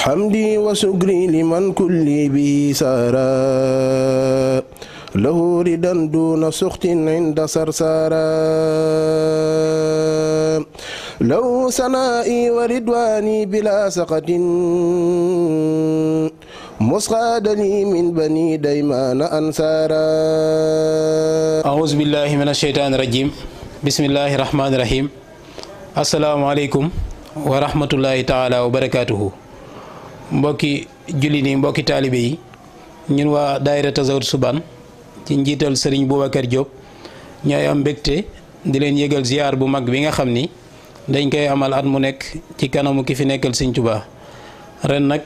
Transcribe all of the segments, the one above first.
حمدي وشكري لمن كلي به سارا له ردا دون سخط عند سرسارا له سنائي وردواني بلا سقط مسقاد لي من بني ديمان أنسارا أعوذ بالله من الشيطان الرجيم بسم الله الرحمن الرحيم السلام عليكم ورحمة الله تعالى وبركاته mbokki julli nii mbokki taalibe yi ñun waa daayira Tazawudu Subaan ci njiital sëriñ kër Diop ñooy am mbegte di leen yëgal ziar bu mag bi nga xam ni dañ koy amal at mu nekk ci kanamu ki fi nekkal sëñ Tuubaa ren nag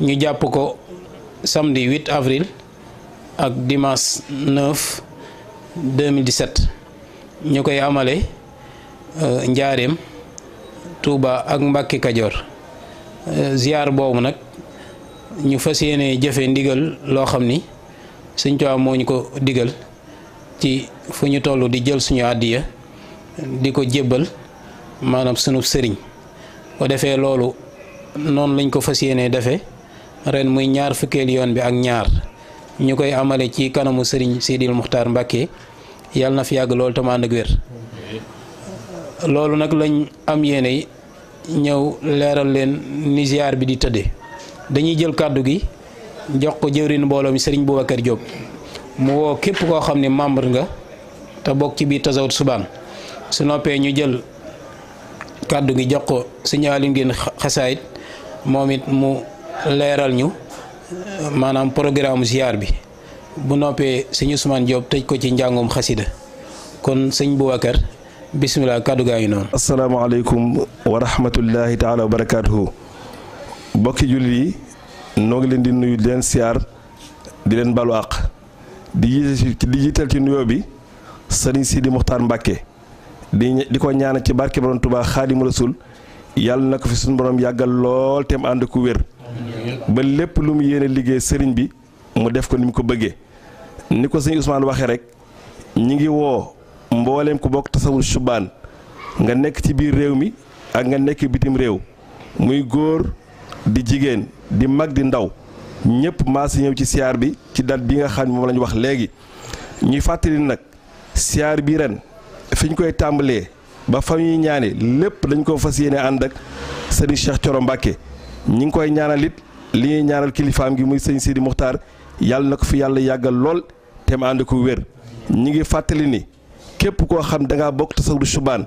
ñu jàpp ko samedi 8 avril ak dimanche 9 2017 ñu koy amale euh, Njaareem tuuba ak Mbàkke Kajoor Euh, ziar bobu nak ñu fassiyene jëfé ndigal lo xamni señ ko digal ci fu ñu di jël suñu àddiya diko jébal manam suñu sunub sëriñ ko défé lolu non lañ ko fassiyene défé ren muy ñaar fukel yoon bi ak ñaar ñu amalé ci kanamu sëriñ Sidil muhtar Mbàkke yàlla na fi yag lolu tam ànd lolu nak lañ am yene ñëw leeral leen ni ziar bi di tëddee dañuy jël kàddu gi jox ko jëwriñ mbooloo mi sëriñ Boubacar Diop mu woo képp koo xam ne membre nga te bokk ci biir Tazawudu Subaan su noppee ñu jël kàddu gi jox ko sëriñ Aliou ngeen xasaayit moom it mu leeral ñu maanaam programme ziar bi bu noppee suñu Ousmane Diop tëj ko ci njàngum xasida kon sëriñ Boubacar bisimilah kàddu gaa ngi noonu. asalaamaaleykum wa rahmatullahi taala wa barakaatuhu mbokki jullit yi noo ngi leen di nuyu di leen siyaar di leen balu àq di jiital ci nuyo bi sëriñ di Muxtaar Mbàkke di di ko ñaanal ci barke borom Tuubaa Xaadimu Rasuul yàlla na ko fi suñu borom yàggal lool te mu ànd ku wér ba lépp lu mu yéene liggéey sëriñ bi mu def ko ni mu ko bëggee ni ko sëñ Ousmane waxee rek ñi ngi woo mbollem ku bok tasawul shuban nga nek ci bir rew mi ak nga nek bitim rew muy gor di jigen di mag di ndaw ñepp ma si ñew ci siar bi ci date bi nga xam lañ wax legi ñuy fatali nak siar bi ren fiñ koy tambalé ba fa ñuy ñaane lépp dañ ko fas andak ànd Cheikh Thioro Mbacke ñi ngi koy ñaanalit li ñi ñaanal kilifaam gi muy sëñ Sidi Muxtaar yalla nako fi yalla yagal lol te ma ko wër ñi ngi fatali ni képp koo xam da ngaa bokk tasawdu subaan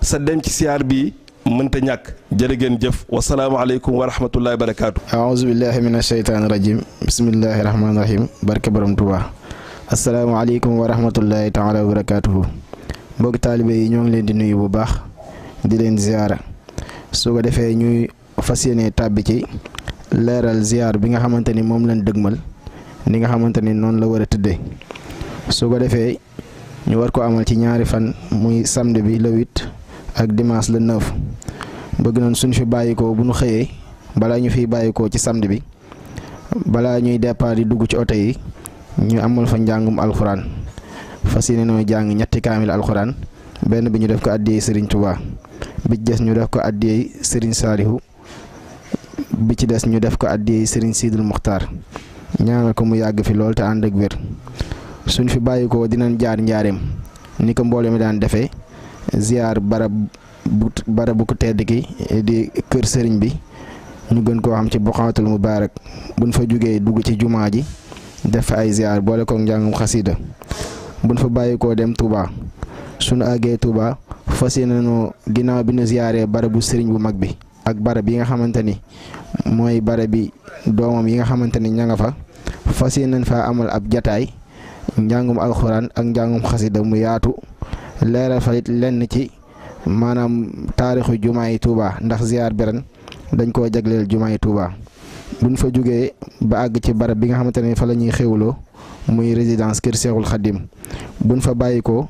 sa dem ci siyaar bi mënta ñàkk jërë ngeen jëf wasalaamaaleykum wa rahmatullahi wa barakaatu. aouzu billahi min asheytaani rajim bismillahi rahmaani rahim barke borom Tuubaa asalaamaaleykum wa rahmatullahi taala wa barakaatuhu mbokki taalibe yi ñoo ngi leen di nuyu bu baax di leen ziyaara su ko defee ñuy fas yéene tàbbi ci leeral ziyaar bi nga xamante ni moom lañ dëgmal ni nga xamante ni noonu la war a tëddee su ko defee. ñu war ko amal ci ñaari fan muy samd bi la 8 ak dimaas la 9 bëgg nañ suñ fi bàyyikoo bu ñu xëyee balaa ñu fi bàyyikoo ci samedi bi balaa ñuy départ di dugg ci oto yi ñu amal fa njàngum alxuraan fas yéene noo jàng ñetti kaamil alxuraan benn bi ñu def ko àddiyeey sëriñ Touba bi ci des ñu def ko àddiyeey sëriñ Saalihu bi ci des ñu def ko àddiyeey sëriñ Siidul Muxtaar ñaanal ko mu yàgg fi lool te ànd ak wér suñ fi bàyyikoo dina jaar njaareem ni ko mboole mi daan defee ziar barab bu barab bu ko tedd ki di kër sëriñ bi ñu gën koo xam ci boxaatul mubaarak buñ fa jógee dugg ci jumaa ji def fa ay ziar boole ko njàngum xasida buñ fa bàyyikoo dem Touba suñu àggee Touba fas yéene noo ginnaaw bi ñu ziaree barabu sëriñ bu mag bi ak barab yi nga xamante ni mooy barab bi doomam yi nga xamante ni ña nga fa fas yéene nañ faa amal ab jataay njàngum alxuraan ak njàngum xasida mu yaatu leeral fa it lenn ci maanaam taarixu jumaay Touba ndax ziar bi dañ koo jagleel jumaay Touba buñ fa jógee ba àgg ci barab bi nga xamante ne fa la ñuy xéwloo muy résidence kër Seexul Xadim buñ fa bàyyi ko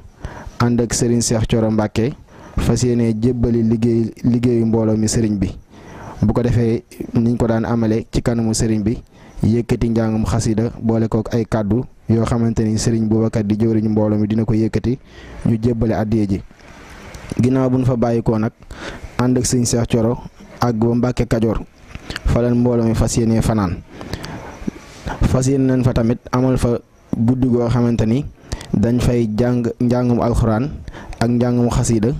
ànd ak Serigne Cheikh Thioro Mbacke fas yéene jébbali liggéey liggéeyu mbooloo mi Serigne bi bu ko defee niñ ko daan amale ci kanamu Serigne bi yëkkati njàngum xasida boole kook ay kàddu yoo xamanteni serigne Boubacar di jëwriñu mbooloo mi dina ko yëkkati ñu jébalé addiya ji ginaaw buñ fa bayiko nak and ak serigne Cheikh Thioro ak bu mbacké kadior fa lan mbolam mi fas yéenee nañ fa tamit amal fa guddu go xamanteni dañ fay jang jangum alcorane ak jangum khasida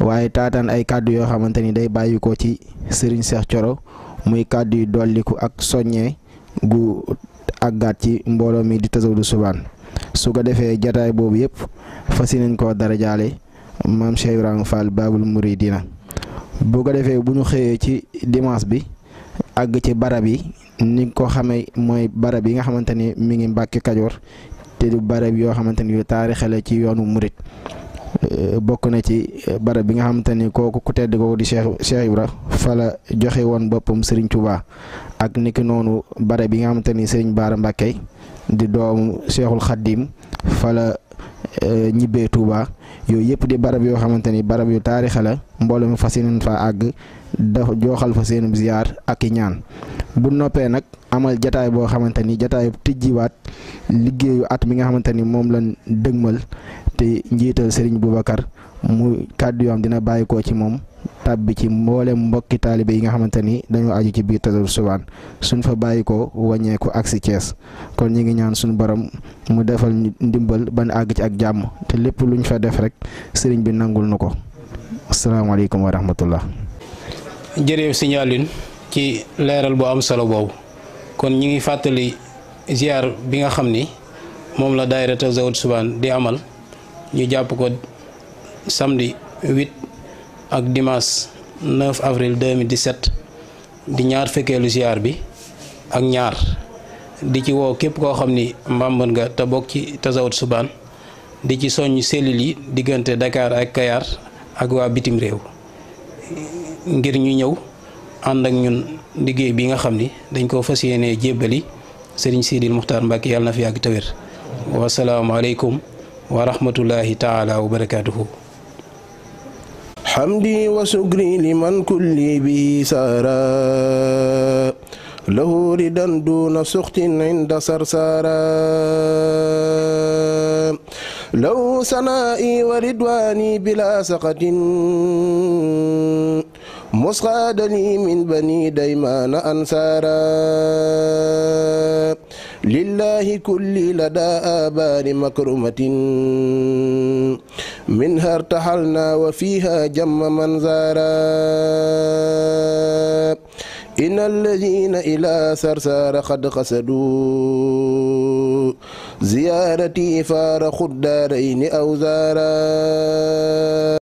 waye tatan ay kàddu yoo xamanteni day bayiko ci serigne Cheikh Thioro muy kàddu doliku ak soññee gu àggaat ci mbooloo mi di tasawudu subaan su ko defee jataay boobu yëpp fas nañ koo darajaale maam Cheikh Ibrahima Fall muri dina boo ko defee bu ñu xëyee ci dimanche bi àgg ci barab yi ni ko xamee mooy barab yi nga xamante ni mi ngi Mbàkke Kajoor te du barab yoo xamante ni yu xele ci yoonu murit Eh, bokk na ci eh, barab bi nga xamante ni kooku ku tedd kooku di Cheikh Cheikh Ibra fa joxe woon boppam Serigne Touba ak niki noonu barab bi nga xamante ni Serigne Bara Mbacké di doomu Cheikhul Khadim fala la eh, ñibbee yooyu yëpp di barab yoo xamante ni barab yu taarixa la mbooloo mu fas yéeneen fa àgg dafa joxal fa seen ziar ak i ñaan bu noppee nag amal jataay boo xamante ni jataayu tijjiwaat liggéeyu at mi nga xamante ni moom lañ dëgmal ci njiital Serigne Boubacar mu kàddu yoo xam dina bàyyi ci moom tàbbi ci mboolem mbokki taalibe yi nga xamante ni dañoo aju ci biir Tasawudu Subaan suñ fa bàyyi ko wàññeeku ak si Thiès kon ñu ngi ñaan suñu borom mu defal ndimbal ban àgg ci ak jàmm te lépp luñ fa def rek sëriñ bi nangul nu ko asalaamaaleykum wa rahmatullah. jërëjëf sëñ Alioune ci leeral boo am solo boobu kon ñi ngi fàttali ziar bi nga xam ni moom la daayira Tasawudu Subaan di amal. ñu jàpp ko samedi 8 ak dimanche 9 avril 2017 di ñaar fekkeelu ziar bi ak ñaar di ci woo képp koo xam ni mbàmban nga te bokk ci tasawut subaan di ci soññ cellules yi diggante Dakar ak Kayar ak waa bitim réew ngir ñu ñëw ànd ak ñun liggéey bi nga xam ni dañ koo fas yéenee jébbali Serigne Sidil Muxtaar Mbàkke yàlla na fi yàgg tawér wasalaamaaleykum ورحمة الله تعالى وبركاته حمدي وشكري لمن كل به سارا له ردا دون سخط عند سرسارا لو سنائي وردواني بلا سقط مسقى لي من بني ديمان أنسارا لله كل لدى آبان مكرمة منها ارتحلنا وفيها جم من زارا إن الذين إلى سرسار قد قصدوا زيارتي فارخوا الدارين أو زارا